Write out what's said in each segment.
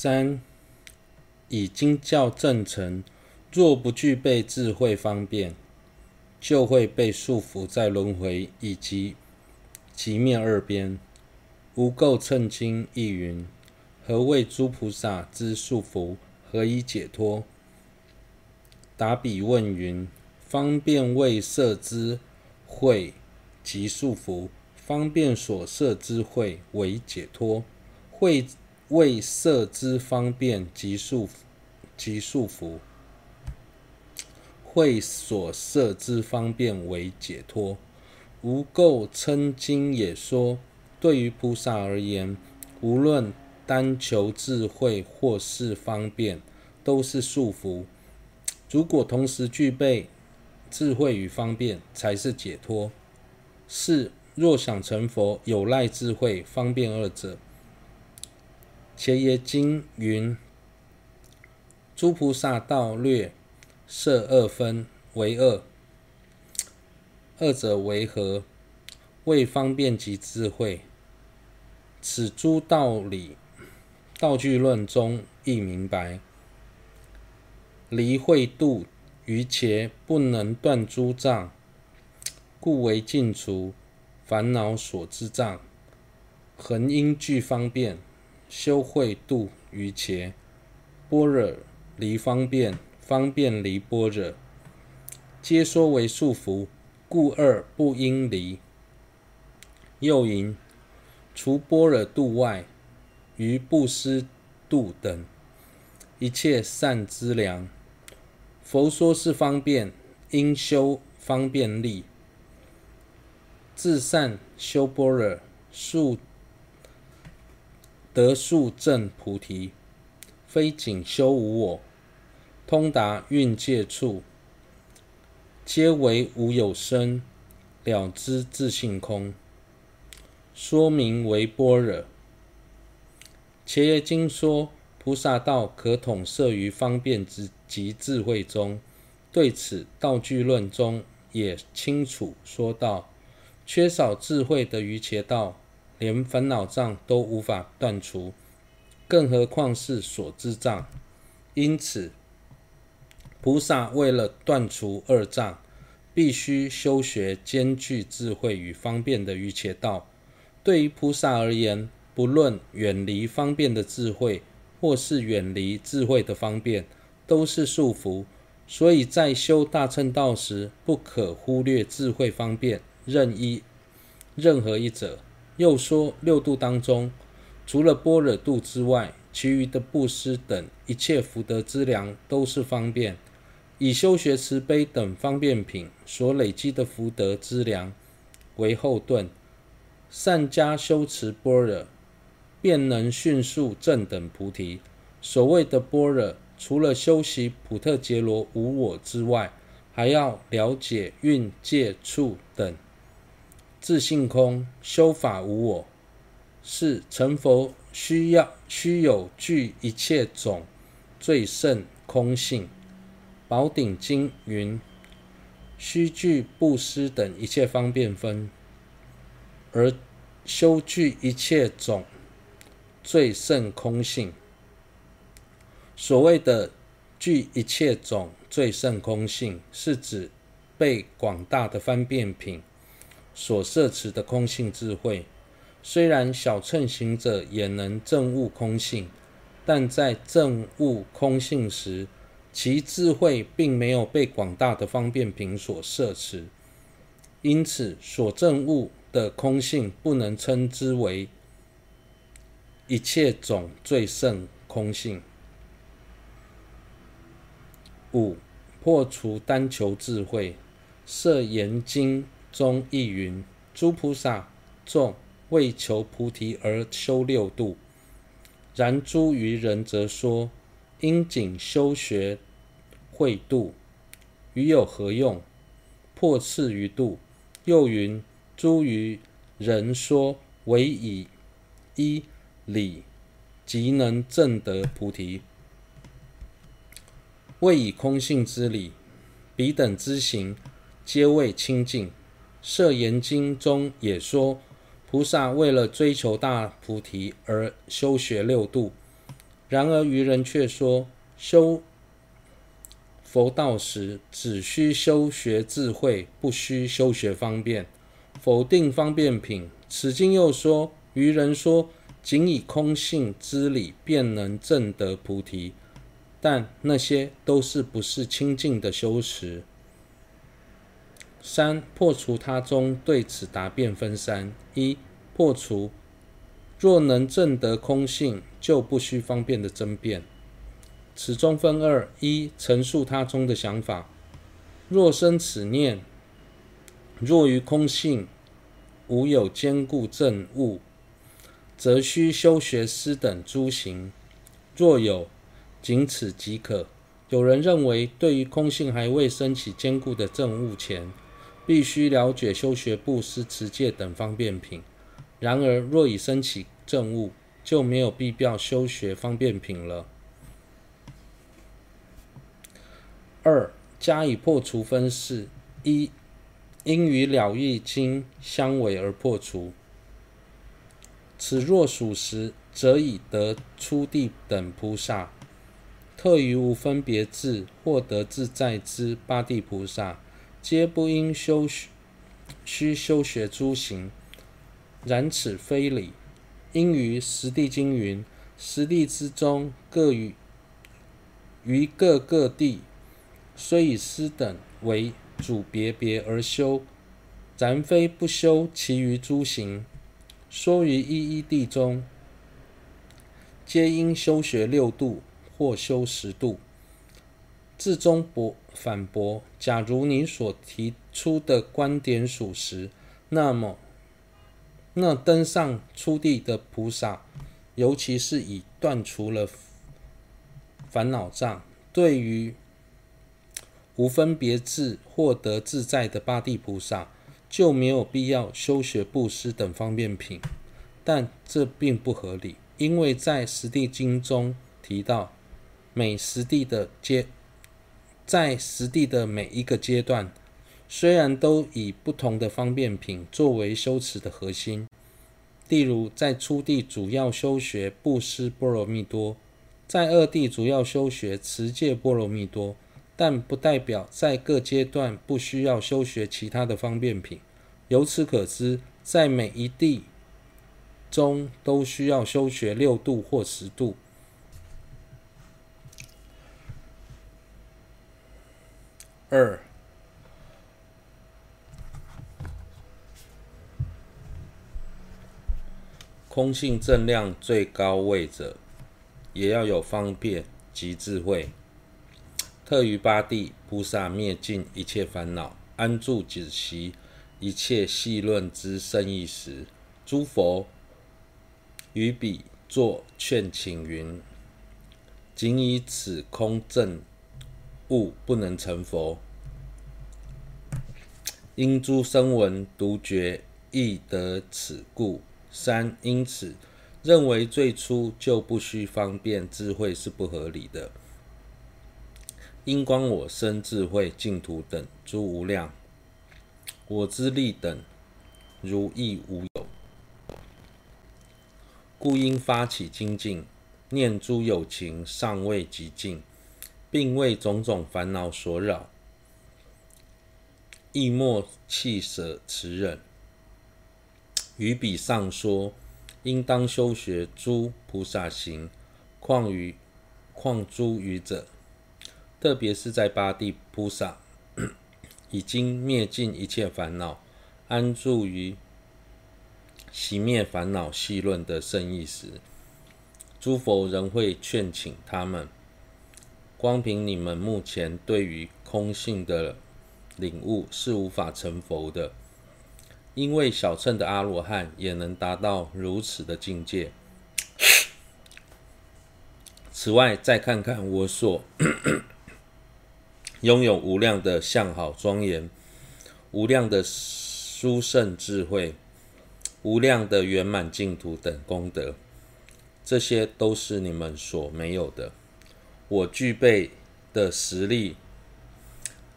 三以經教證成，若不具備智慧方便，就會被束縛在輪迴以及寂滅二邊。無垢稱經亦云：何謂諸菩薩之束縛？何以解脫？答彼問云：方便為攝之慧即束縛，方便所攝之慧為解脫，慧為設之方便即束，即束縛；會所設之方便為解脫。無垢稱經也說，對於菩薩而言，無論單求智慧或是方便，都是束縛。如果同時具備智慧與方便，才是解脫。是若想成佛，有賴智慧、方便二者。且曰：經云，諸菩薩道略設二分為二，二者為何？為方便及智慧。此諸道理，道炬論中亦明白。離慧度餘且不能斷諸障，故為盡除煩惱所知障，恆應具方便。修慧度於劫，般若離方便，方便離般若，皆說為束縛，故二不應離。又云：除般若度外，餘布施度等一切善資糧，佛說是方便，應修方便力，自善修般若，速。得速證菩提，非僅修無我，通達蘊界處，皆為無有生，了知自性空，說名為般若。《伽耶經》說菩薩道可統攝於方便之及智慧中，對此《道炬論》中也清楚說道：缺少智慧的於切道。連煩惱障都無法斷除，更何況是所知障？因此，菩薩為了斷除二障，必須修學兼具智慧與方便的瑜伽道。對於菩薩而言，不論遠離方便的智慧，或是遠離智慧的方便，都是束縛。所以在修大乘道時，不可忽略智慧方便，任意任何一者。又說，六度當中，除了般若度之外，其餘的布施等一切福德資糧都是方便。以修學慈悲等方便品所累積的福德資糧為後盾，善加修持般若，便能迅速正等菩提。所謂的般若，除了修習補特伽羅無我之外，還要了解蘊界處等。自性空修法無我，是成佛需要需有具一切種最勝空性。寶頂經云：須具布施等一切方便分，而修具一切種最勝空性。所謂的具一切種最勝空性，是指被廣大的方便品。所攝持的空性智慧，雖然小乘行者也能證悟空性，但在證悟空性時，其智慧並沒有被廣大的方便品所攝持，因此所證悟的空性不能稱之為一切種最勝空性。五、破除單求智慧，攝研經中亦云：諸菩薩眾為求菩提而修六度，然諸愚人則說：應僅修學慧度，於有何用？破次於度。又云：諸愚人說，唯以一理即能證得菩提，謂以空性之理，彼等之行皆未清淨。攝研經中也說，菩薩為了追求大菩提而修學六度，然而愚人卻說修佛道時只需修學智慧，不需修學方便，否定方便品。此經又說，愚人說僅以空性之理便能證得菩提，但那些都是不是清淨的修持。三破除他中，對此答辯分三一、破除若能證得空性就不需方便的爭辯，此中分二一、陳述他中的想法。若生此念，若於空性無有堅固證悟，則須修學師等諸行，若有僅此即可。有人認為，對於空性還未生起堅固的證悟前。必須了解修學布施、持戒等方便品，然而若已升起證悟，就沒有必要修學方便品了。二加以破除分四：一因與了義經相違而破除，此若屬實，則已得初地等菩薩，特於無分別智獲得自在之八地菩薩。皆不應修，須修學諸行。然此非理，因於十地經云：十地之中，各於於各各地，雖以施等為主，別別而修。然非不修其餘諸行，說於一一地中，皆應修學六度或修十度，至終不。反駁：假如你所提出的觀點屬實，那麼那登上初地的菩薩，尤其是已斷除了煩惱障，對於無分別智獲得自在的八地菩薩，就沒有必要修學布施等方便品。但這並不合理，因為在十地經中提到，每十地的接在十地的每一個階段，雖然都以不同的方便品作為修持的核心，例如在初地主要修學布施波羅蜜多，在二地主要修學持戒波羅蜜多，但不代表在各階段不需要修學其他的方便品。由此可知，在每一地中都需要修學六度或十度。二空性正量最高位者，也要有方便及智慧。特於八地菩薩滅盡一切煩惱，安住止息一切戲論之勝義時，諸佛於彼作勸請云：僅以此空正。物不能成佛，因諸聲聞獨覺亦得此故。三，因此認為最初就不需方便智慧是不合理的。因光我生智慧淨土等諸無量，我之力等如意無有，故應發起精進，念諸有情尚未極盡。並為種種煩惱所擾，亦莫棄捨持忍。於彼上說，應當修學諸菩薩行，況於況諸愚者，特別是在八地菩薩已經滅盡一切煩惱，安住於息滅煩惱戲論的勝義時，諸佛仍會勸請他們。光憑你們目前對於空性的領悟是無法成佛的，因為小乘的阿羅漢也能達到如此的境界。此外，再看看我所咳咳擁有無量的相好莊嚴、無量的殊勝智慧、無量的圓滿淨土等功德，這些都是你們所沒有的。我具備的十力、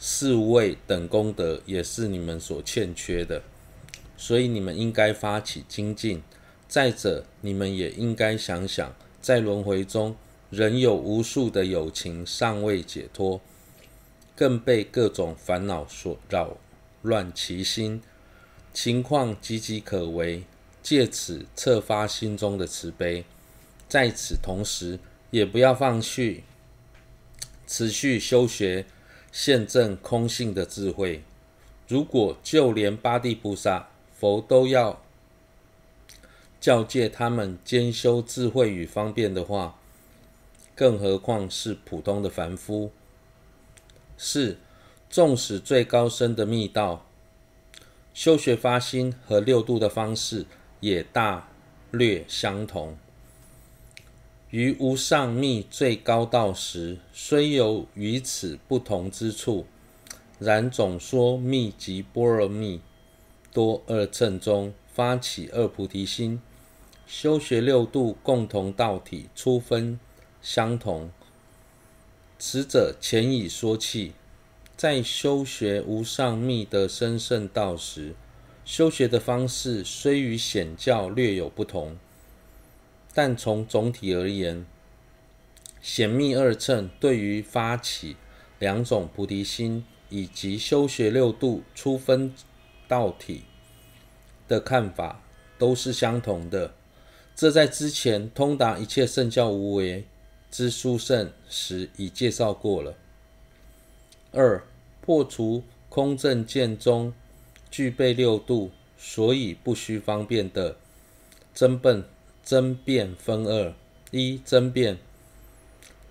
四無畏等功德，也是你們所欠缺的，所以你們應該發起精進。再者，你們也應該想想，在輪回中，仍有無數的有情尚未解脫，更被各種煩惱所擾亂其心，情況岌岌可危。借此策發心中的慈悲，在此同時，也不要放棄。持續修學現證空性的智慧，如果就連八地菩薩、佛都要教誡他們兼修智慧與方便的話，更何況是普通的凡夫？四，縱使最高深的密道修學發心和六度的方式，也大略相同。於無上密最高道時，雖有與此不同之處，然總說密及波羅蜜多二乘中發起二菩提心，修學六度共同道體，初分相同。此者前已說棄，在修學無上密的深聖道時，修學的方式雖與顯教略有不同。但從總體而言，顯密二乘對於發起兩種菩提心以及修學六度、初分道體的看法都是相同的。這在之前通達一切聖教無違之殊勝時已介紹過了。二，破除空正見中具備六度，所以不需方便的真本。爭辯分二：一、爭辯，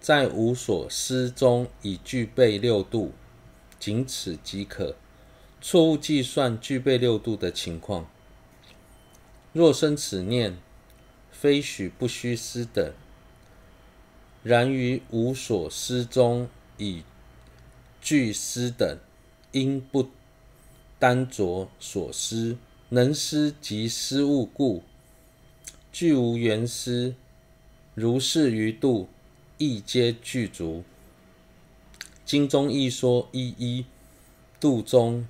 在無所思中已具備六度，僅此即可。錯誤計算具備六度的情況，若生此念，非許不虛思等。然於無所思中已具思等，因不單着所思，能思即思誤故。具無緣師，如是餘度亦皆具足。經中亦說一一度中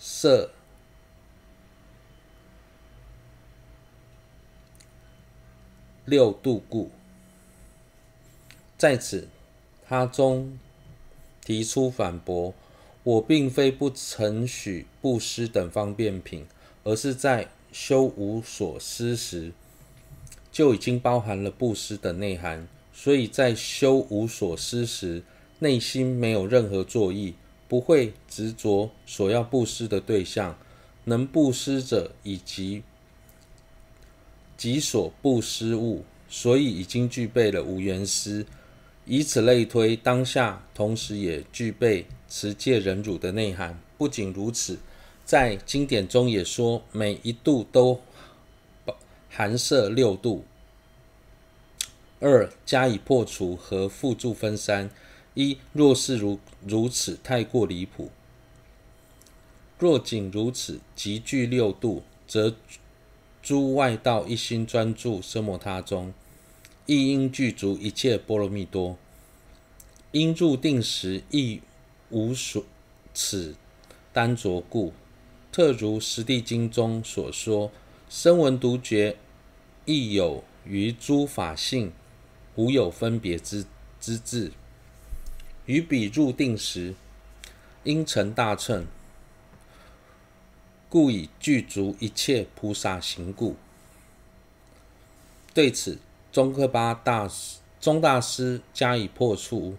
攝六度故，在此他中提出反駁，我並非不承許布施等方便品，而是在。修無所思時，就已經包含了布施的內涵。所以在修無所思時，內心沒有任何作意，不會執着所要布施的對象，能布施者以及己所布施物，所以已經具備了無緣施。以此類推，當下同時也具備持戒忍辱的內涵。不僅如此。在經典中也說，每一度都含攝六度。二加以破除和輔助分三。一若是如，如此，太過離譜。若僅如此，即具六度，則諸外道一心專注奢摩他中，亦應具足一切波羅蜜多。應入定時亦無所此單着故。特如《十地經》中所說，聲聞獨覺亦有於諸法性無有分別之智。於彼入定時應成大乘，故以具足一切菩薩行故。對此，宗喀巴大師、宗大師加以破除。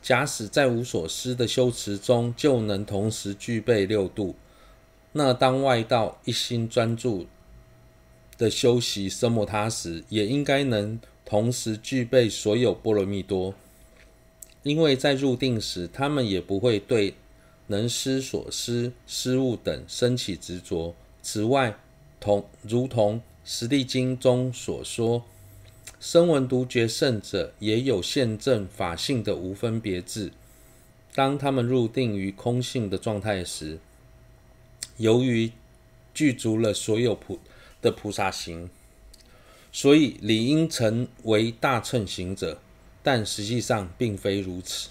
假使在無所思的修持中，就能同時具備六度。那當外道一心專注的修習奢摩他時，也應該能同時具備所有波羅蜜多，因為在入定時，他們也不會對能思所思、失誤等升起執着。此外，同如同《十地經》中所說，聲聞獨覺聖者也有現證法性的無分別智。當他們入定於空性的狀態時，由於具足了所有菩的菩薩行，所以理應成為大乘行者，但實際上並非如此。